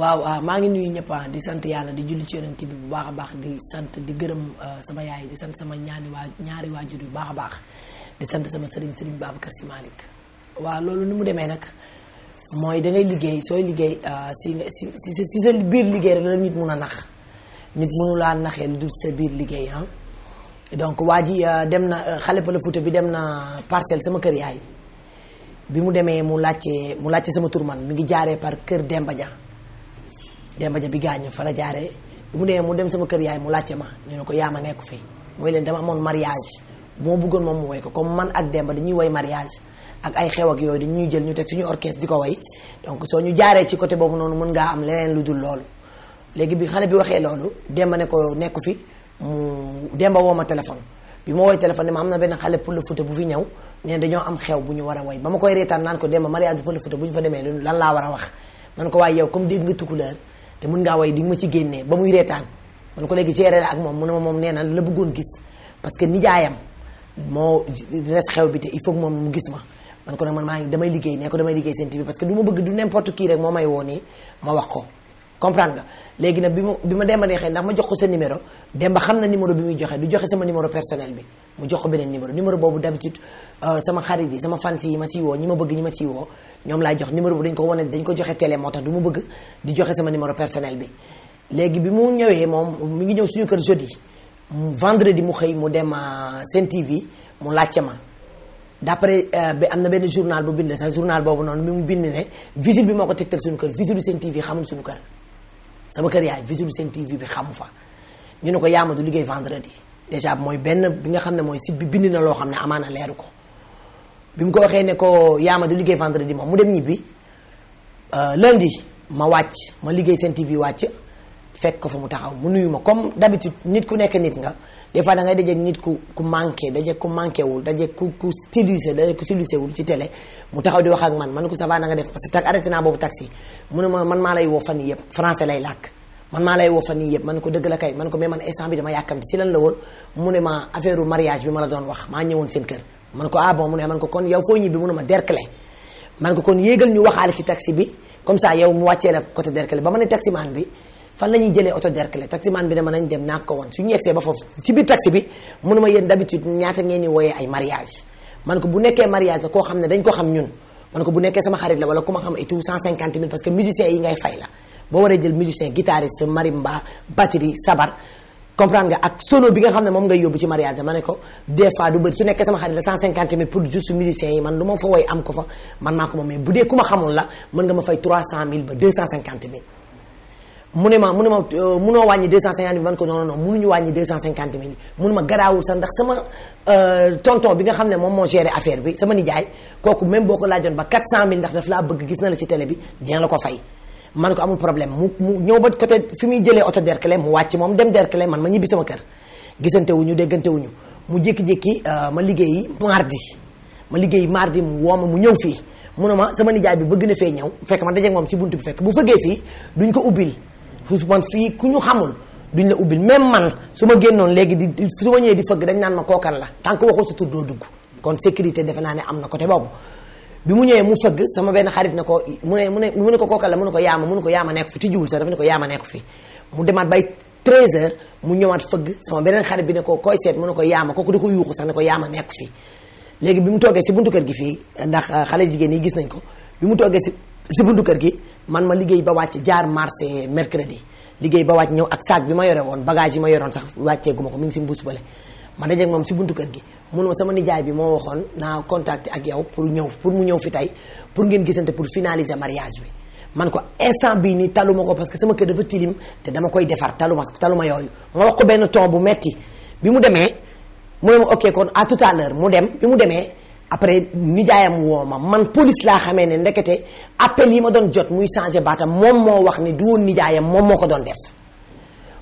waaw waaw ah, maa ngi nuyu ñëpp ah, di sant yàlla di julli ci yonent bi bu baax a baax di sant di gërëm ah, sama yaay di sant sama ñaani waa ñaari waajur yu baax a baax di sant sama sëriñ sëriñ Babacar Si Malick waaw loolu ni mu demee nag mooy dangay liggéey sooy liggéey si si sa biir liggéey rek nit mun a nax nit mënulaa naxee lu dul sa biir liggéey ah donc waa ji dem na xale pala bi dem na parcelle sama kër yaay bi mu demee mu laajte mu laajte sama tur man mi ngi jaaree par kër Demba Dia Demba Ja bi gaañu fa la jaaree bu mu demee mu dem sama kër yaay mu laajte ma ñu ne ko yaa ma nekku fi mooy leen dama amoon mariage bu ma moom mu ko comme man ak Demba dañuy woy mariage ak ay xew ak yooyu dañuy jël ñu teg suñu orchestre di ko woy donc soo ñu jaaree ci côté boobu noonu mën ngaa am leneen lu dul loolu léegi bi xale bi waxee loolu Demba ne ko nekku fi mu Demba woo ma téléphone xale Pël Fuuta bu fi ñëw ne dañoo am xew bu ñu a woy ba ma koy reetaan naan ko Demba mariage Pël Fuuta bu ñu fa demee lan laa war a wax man ko waaye yow comme dégg nga tukulóor te mun ngaa way di ma ci génnee ba muy reetaan man ko léegi géré la ak moom mu ne ma moom nee na la bëggoon gis parce que nijaayam moo res xew bi te il faut moom mu gis ma man ko nag man maa ngi damay liggéey nee ko damay liggéey Sen TV parce que du ma bëgg du n'importe qui rek moo may woo nii ma wax ko comprendre nga léegi nag bi mu bi ma dem Demba neexee ndax ma jox ko sa numéro Demba xam na numéro bi muy joxe du joxe sama numéro personnel bi mu jox ko beneen numéro numéro boobu d'habitude euh, sama xarit yi sama fans yi ma ciy woo ñi ma bëgg ñi ma ciy woo ñoom laay jox numéro bi dañ ko wane dañ ko joxe télé moo tax du ma bëgg di joxe sama numéro personnel bi léegi bi mu ñëwee moom mi ngi ñëw suñu kër jeudi vendredi mu xëy mu dem euh, Sen TV mu laajte ma d'après euh, ba am na benn journal bu bind sax journal boobu noonu mi mu bind ne visite bi moo ko tegtal suñu kër visite du Sen TV xamul suñu kër sama kër yaay visite du Sen TV bi xamu fa ñu ne ko yaama yaamadu liggéey vendredi déjà mooy benn bi nga xam ne mooy site bi bind na loo xam ne amaana leeru ko bi mu ko waxee ne ko yaama du liggéey vendredi moom mu dem ñibbi euh, lundi ma wàcc ma liggéey seen TV wàcc fekk ko fa mu taxaw mu nuyu ma comme d'habitude nit ku nekk nit nga des fois da ngay nit ku ku manqué dajeeg ku manqué wul ku ku wul ci télé mu taxaw di wax ak man man ko ça na nga def parce que arrêté boobu taxi mu ne ma man maa lay woo fan yii yëpp français lay làkk man maa lay woo fan yii yëpp man ko dëgg la kay man ko mais man instant bi la woon mu ne ma ma la doon wax maa ñëwoon seen kër man ko ah bon mu ne man ko kon yow foo ñibbi mu ne ma Derklé man ko kon yéegal ñu waxaale ci taxi bi comme ça yow mu wàccee la côté Derklé ba ma ne taximaan bi fan la ñuy jëlee oto Derklé taximaan bi dama nañ dem naa ko woon suñu yegsee ba foofu ci biir taxi bi mu ne ma d'habitude ñaata ngeen di wooyee ay mariage man ko bu nekkee mariage la koo xam ne dañ ko xam ñun man ko bu nekkee sama xarit la wala ku ma xam et tout cent cinquante mille parce que musiciens yi ngay fay la boo waree jël musicien guitariste marimba batterie sabar comprendre nga ak solo bi nga xam ne moom ngay yóbbu ci mariage ma ne ko des fois du bëri su nekkee sama xarit la cent cinquante mille pour juste musiciens yi man lu ma fa woy am ko fa man maa ko moom ma ne euh, munoo wàññi deux man ko non non munuñu wàññi deux garaawul sax ndax sama euh, tonton bi nga xam ne moom moo géré affaire bi sama nijaay kooku même boo ko laajoon ba quatre cent mille ndax daf laa bëgg gis na la ci télé bi dina la ko fay man ko amul problème mu mu ñëw ba coté fi muy jëlee oto derkale mu wàcc moom dem derkale man ma ñibbi sama kër gisante wuñu déggante wuñu mu jékki-jékki euh, ma liggéeyi mardi ma liggéeyi mardi mu woo ma mu ñëw fii mu ne ma sama nijaay bi bëgg na fee ñëw fekk man dajeeg moom si bunt bi fekk bu fëggee fii duñ ko ubbil man fii ku ñu xamul duñ la ubbil même man su ma génnoon léegi di su ma ñëwee di fëgg dañ naan ma kookan la tant que waxoo sa tur doo dugg kon defe naa ne am na côté boobu bi mu ñëwee mu fëgg sama benn xarit ne ko mu ne mu ne mu ne ko kookal la mu ne ko yaama mu ne ko yaama nekk fi tijjiwul sax dafa ne ko yaama nekk fi mu demaat bay 13 mu ñëwaat fëgg sama beneen xarit bi ne ko koy seet mu ne ko yaama kooku da ko yuuxu sax ne ko yaama nekk fi léegi bi mu toggee si buntu kër gi fii ndax xale jigéen yi gis nañ ko bi mu toggee si si buntu kër gi man ma liggéey ba wàcc jaar marché mercredi liggéey ba wàcc ñëw ak saag bi ma yore woon bagage yi ma yoroon sax wàccee ko mi ngi si mbuus bale ma dajeeg moom si buntu kër gi mun ma sama nijaay bi moo waxoon naa contacter ak yow pour ñëw pour mu ñëw fi tey pour ngeen gisante pour finaliser mariage bi man ko instant bi nii taluma ko parce que sama kër dafa tilim te dama koy defar taluma taluma yooyu ma wax ko benn ton bu metti bi mu demee mu ne ma ok kon à tout à l'heure mu dem bi mu demee après nijaayam woo ma man police laa xamee ne ndekete appel yi ma doon jot muy changé baatam moom moo wax ne du woon nijaayam moom moo ko doon def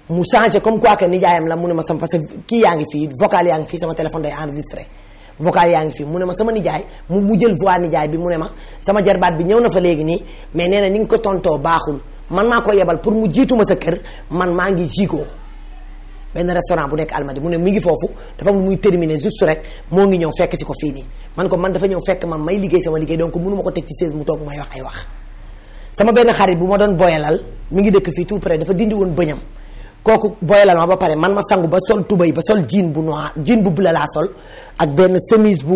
mu changé comme quoi que nijaayam la mu ne ma sama parce que kii yaa ngi fii vocal yaa ngi fii sama téléphone day enregistré vocal yaa ngi fii mu ne ma sama nijaay mu mu jël voix nijaay bi mu ne ma sama jarbaat bi ñëw na fa léegi nii mais nee na ni nga ko tontoo baaxul man maa ko yebal pour mu jiituma sa kër man maa ngi jiikoo benn restaurant bu nekk Almadi mu ne mi ngi foofu dafa am lu muy terminé juste rek moo ngi ñëw fekk si ko fii nii man ko man dafa ñëw fekk man may liggéey sama liggéey donc mënu ma ko teg ci chaise mu toog wax ay wax sama bu ma doon boyalal mi ngi dëkk fii tout dafa dindi woon bëñam kooku boyalal ma ba pare man ma sangu ba sol tubéy ba sol jean bu noir jean bu bula laa sol ak benn chemise bu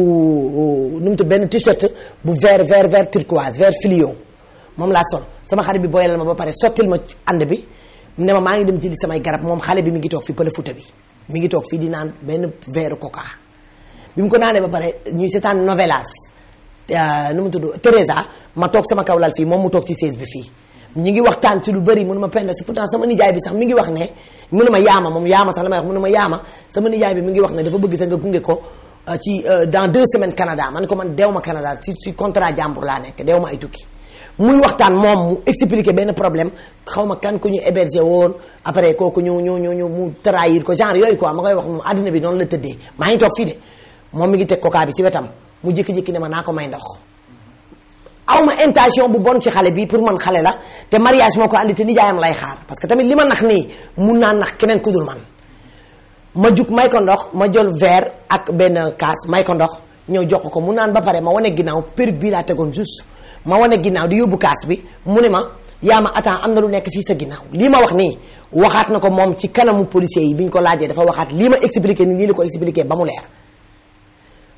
nu mu benn t-shirt bu vert vert vert turquoise vert fluo moom laa sol sama xarit bi boyalal ma ba pare sottil ma ànd bi ne ma maa ngi dem jëli samay garab moom xale bi mi ngi toog fii pële futa bi mi ngi toog fii di naan benn verre coca bi mu ko naanee ba pare ñuy seetaan novelas euh, nu mu tudd Teresa ma toog sama kaw lal fii moom mu toog ci chaise bi fii ñi ngi waxtaan ci lu bëri mënu ma penda si pourtant sama nijaay bi sax mi ngi wax ne mënu ma yaama moom yaama sax la may wax mënu ma yaama sama nijaay bi mi ngi wax ne dafa bëgg sax nga gunge ko euh, ci euh, dans deux semaines Canada man ko man dew ma Canada ci ci contrat jàmbur laa nekk dew ma waxtaan moom mu expliquer benn problème xaw ma kan ku ñu héberger woon après kooku ñu ñu ñu ñu mu trahir ko genre yooyu quoi ma koy wax moom bi noonu la tëddee maa ngi toog fii mi ngi teg coca bi si wetam mu jékki-jékki ne ma naa ko may ndox aw ma intention bu bon ci xale bi pour man xale la te mariage moo ko andi te nijaayam lay xaar parce que tamit li ma nax nii mun naa nax keneen ku dul man ma jug may ko ndox ma jël verre ak benn kaas may ndox ñëw jox ko mu naan ba pare ma wane ginnaaw per bii laa tegoon ma wane ginnaaw di yóbbu kaas bi mu ne ma yaa ma attend am na lu nekk fii sa ginnaaw lii ma wax nii waxaat na ko moom ci kanamu policier yi bi ñu ko laajee dafa waxaat lii ma expliqué nii nii la ko ba mu leer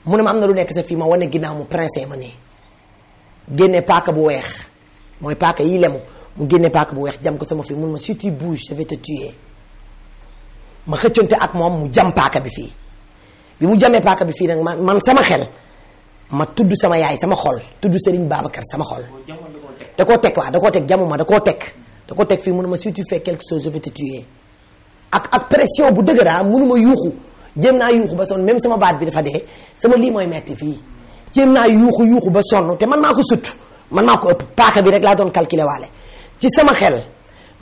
mu ne ma na lu nekk sa fii ma wane ginnaaw mu princé ma nii. génne paaka bu weex mooy paaka yi lemu mu génne paaka bu weex jam ko sama fii mun ma si tu bouges je ma xëccante ak moom mu jam paaka bi fii bi mu jamee paaka bi fii nag man man sama xel ma tudd sama yaay sama xol tudd Serigne Babacar sama xol. da koo teg waaw da koo teg jamuma da koo teg. da koo teg fii mun ma si tu fais quelque chose je vais te tuer ak ak pression bu dëgëraa mënuma yuuxu jéem naa yuuxu ba son même sama baat bi dafa dee sama lii mooy metti fii. jéem naa yuuxu yuuxu ba sonn te man maa ko sut man maa ko ëpp paaka bi rek laa doon calculer waale ci sama xel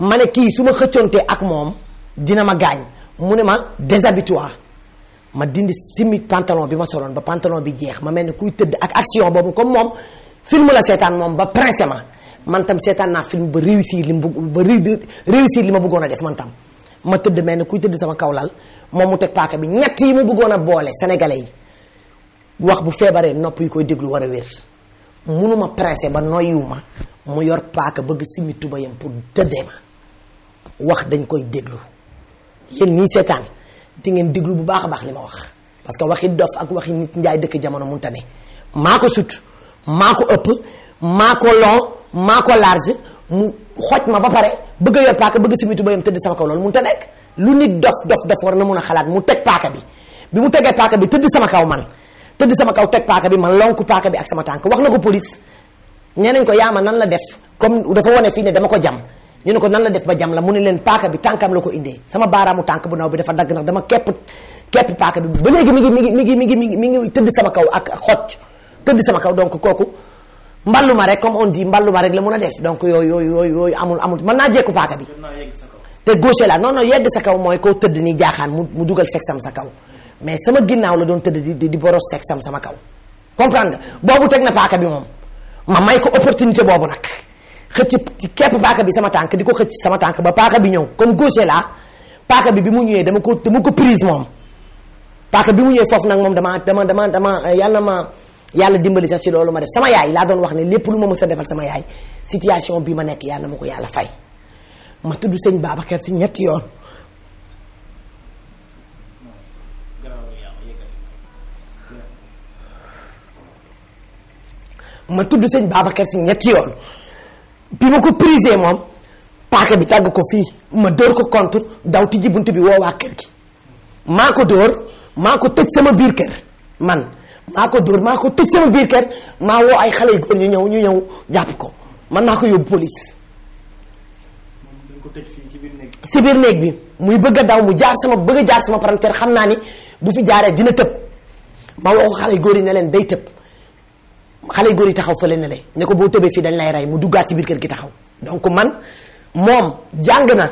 ma ne kii su ma xëccoonte ak moom dina ma gaañ mu ne ma déshabillement ma dindi simmi pantalon bi ma soloon ba pantalon bi jeex ma mel ne kuy tëdd ak action boobu comme moom film la seetaan moom ba princé ma man tam seetaan naa film ba réussir li mu ba réussir li ma bëggoon a def man tam ma tëdd mel ne kuy tëdd sama kaw lal moom mu teg paaka bi ñett yi mu bëggoon a boole yi wax bu feebaree nopp yi koy déglu war a wér munuma pressé ba ma mu yor paaka bëgg simi tubayam pour dëddee ma wax dañ koy déglu yéen ñii seetaan di ngeen déglu bu baax a baax li ma wax parce que waxi dof ak waxi nit njaay dëkk jamono mun ta ne maa ko sut maa ko ëpp maa ko long maa ko large mu xoj ma ba pare bëgg a yor paaka bëgg simi tubayam tëdd sama kaw loolu mun ta nekk lu nit dof dof dof war na mun a xalaat mu teg paaka bi bi mu tegee paaka bi tëdd sama kaw man tëdd sama kaw teg paaka bi man lonku paaka bi ak sama tànk wax la ko police nee nañ ko yaama nan la def comme dafa wane fii ne dama ko jam ñu ne ko nan la def ba jam la mu ne leen paaka bi tànkam la ko indee sama tànk bu naw bi dafa dagg ndax dama kepp kepp paaka bi ba léegi mi ngi mi ngi mi ngi mi ngi mi ngi tëdd sama kaw ak xocc tëdd sama kaw donc kooku mballu ma rek comme on dit mballu ma rek la mun a def donc yooyu yooyu yooyu yooyu amul amul man naa jekku paaka bi te gauche la non non yegg sa kaw mooy koo tëdd ni jaaxaan mu dugal sexam sa kaw mais sama ginnaaw la doon tëdd di di boros sexe am sama kaw comprendre nga boobu teg na paaka bi moom ma may ko opportunité boobu nag xëcc ci képp paaka bi sama tànk di ko xëcc sama tànk ba paaka bi ñëw comme gaucher la paaka bi bi mu ñëwee dama ko dama ko prise moom paaka bi mu ñëwee foof nag moom dama dama dama dama euh, yàlla ma yàlla dimbali sax si loolu ma def sama yaay laa doon wax ne lépp lu ma mës a defal sama yaay situation bi ma nekk yàlla ma ko yàlla fay ma tudd sëñ Babacar si ñetti yoon ma tudd sëñ Babacar si ñetti yoon bi ma ko prisé moom paaka bi tàgg ko fii ma dóor ko contre daw tijji bunt bi woowaa kër gi maa ko dóor maa ko tëj sama biir kër man maa ko dóor maa ko tëj sama biir woo ay xale yu góor ñu ñëw ñu ñëw jàpp ko man naa ko yóbbu police ko biir néeg bi muy bëgg a daw mu jaar sama bëgg a jaar sama parenteer xam naa ni bu fi jaaree dina tëb ma woo ko xale yu góor yi ne leen day tëb xale yu góor yi taxaw fële ne le ne ko boo tëbee fii dañ lay rey mu duggaat ci biir kër gi taxaw donc man moom jàng na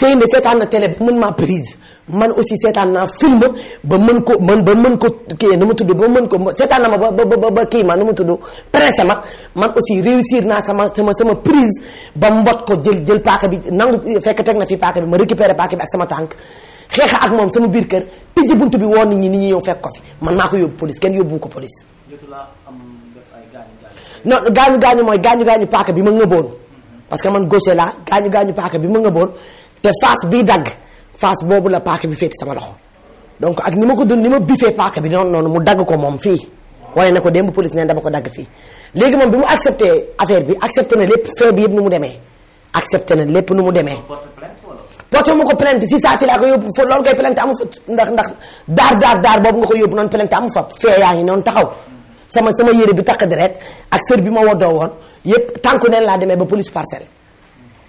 sëy na seetaan na télé ba mën maa prise man aussi seetaan naa film ba mën ko man ba mën ko kii nu tudd ba mën ko seetaan na ma ba ba ba kii ma nu mu tudd prince ma man aussi réussir naa sama sama sama prise ba mbot ko jël jël paaka bi nangu fekk teg na fi paaka bi ma récupérer paaka bi ak sama tànk xeexa ak moom sama biir kër tëjji bunt bi woon nit ñi nit ñi yow fekk ko fi man maa ko yóbbu police kenn yóbbu ko police non gaañu gaañu mooy gaañu gaañu paaka bi ma ngëboon parce que man gose laa gaañu gaañu paaka bi ma ngëboon te face bii dagg face boobu la paaka bi féeti sama loxo donc ak ni ma ko dund ni ma bifee paaka bi noonu noonu mu dagg ko moom fii wane na ko démb police neen dama ko dagg fii léegi moom bi mu accepté affaire bi accepté na lépp fee bi yëpp nu mu demee accepté na lépp nu mu demee porté mu ko plainte si saa si laa ko yóbbu foofu loolu ngay plainte amu fa ndax ndax daar daar daar boobu nga ko yóbbu noonu plainte amu yaa ngi noonu taxaw sama sama yére bi takk deret ak sër bi ma woddoo woon yépp tànku neen laa demee ba police parcelle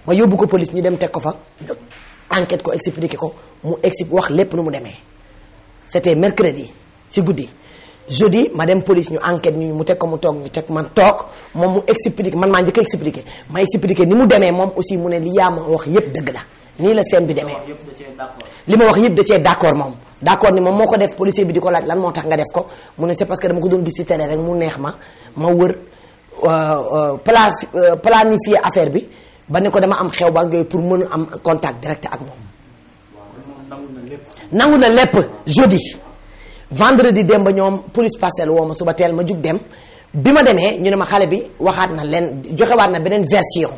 ma yóbbu ko police ñu dem teg ko fa enquête ko expliqué ko mu expliqué wax lépp nu mu demee c'était mercredi si guddi jeudi ma dem police ñu enquête ñu mu teg ko mu toog ñu teg man toog moom mu expliqué man maa njëkk a expliqué ma expliqué ni mu demee moom aussi mu ne li yaa ma wax yépp dëgg la nii la scène bi demee li ma wax yépp da cee d'accord moom d'accord ni moom moo ko def policier bi di ko laaj lan moo tax nga def ko mu ne c'est parce que dama ko doon gis ci télé rek mu neex ma ma wër euh, euh, euh, planifier affaire bi ba ne ko dama am xew ba ak mën a am contact direct ak moom. nangu na lépp jeudi vendredi dem ba ñoom police parcelle woo ma suba teel ma jug dem bi ma demee ñu ne ma xale bi waxaat na leen joxewaat na beneen version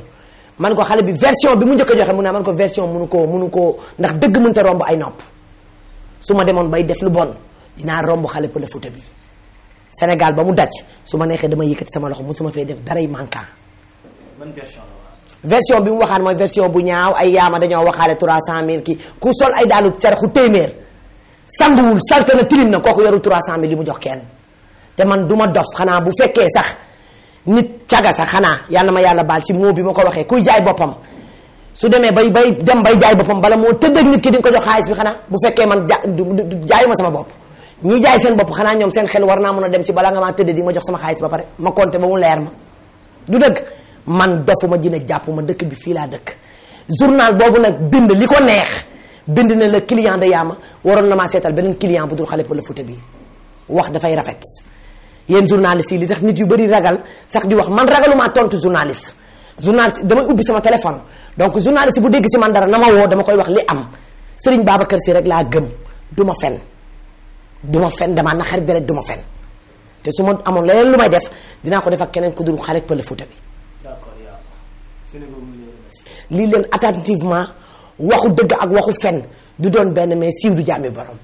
man ko xale bi version bi mu njëkk joxe mu naa man ko version munu koo munu ko ndax dëgg mënta romb ay nopp. su ma demoon bay def lu bon dinaa romb xale Pël Fuuta bi Sénégal ba mu daj su ma neexee dama yëkkati sama loxo su ma fee def daray manka ban version bi mu waxaan mooy version bu ñaaw ay yaama dañoo waxaale 300000 ki ku sol ay daalu cerxu téeméer sanguwul salte na tilim na kooku yoru 300000 li mu jox kenn. te man du ma dof xanaa bu fekkee sax nit caga xanaa yàlla ma yàlla baal ci moo bi ma ko waxee kuy jaay boppam su demee bay bay dem bay jaay boppam bala moo tëdd nit ki di ko jox xaalis bi xanaa bu fekkee man jaayuma sama bopp ñi jaay seen bopp xanaa ñoom seen xel war naa mën a dem ci balaa nga maa tëdd di ma jox sama xaalis ba pare ma compté ba mu leer ma du dëgg man dofuma jina jàpp ma dëkk bi fii laa dëkk journal boobu nag bind li ko neex bind na la client de yaama waroon na maa seetal benn client bu dul xale pour la fouta bii wax dafay rafet yéen journaliste yi li tax nit yu bëri ragal sax di wax man ragalumaa tontu journaliste journaliste damay ubbi sama téléphone donc journaliste bu dégg si man dara na ma woo dama koy wax li am Serigne Babacar Sy rek laa gëm du fen du ma fen damaa na deret du ma fen te su ma amoon leneen lu may def dinaa ko def ak keneen ku dul xale pël Fuuta bi. d'accord lii leen attentivement waxu dëgg ak waxu fen du doon benn mais siiw du jàmmi borom.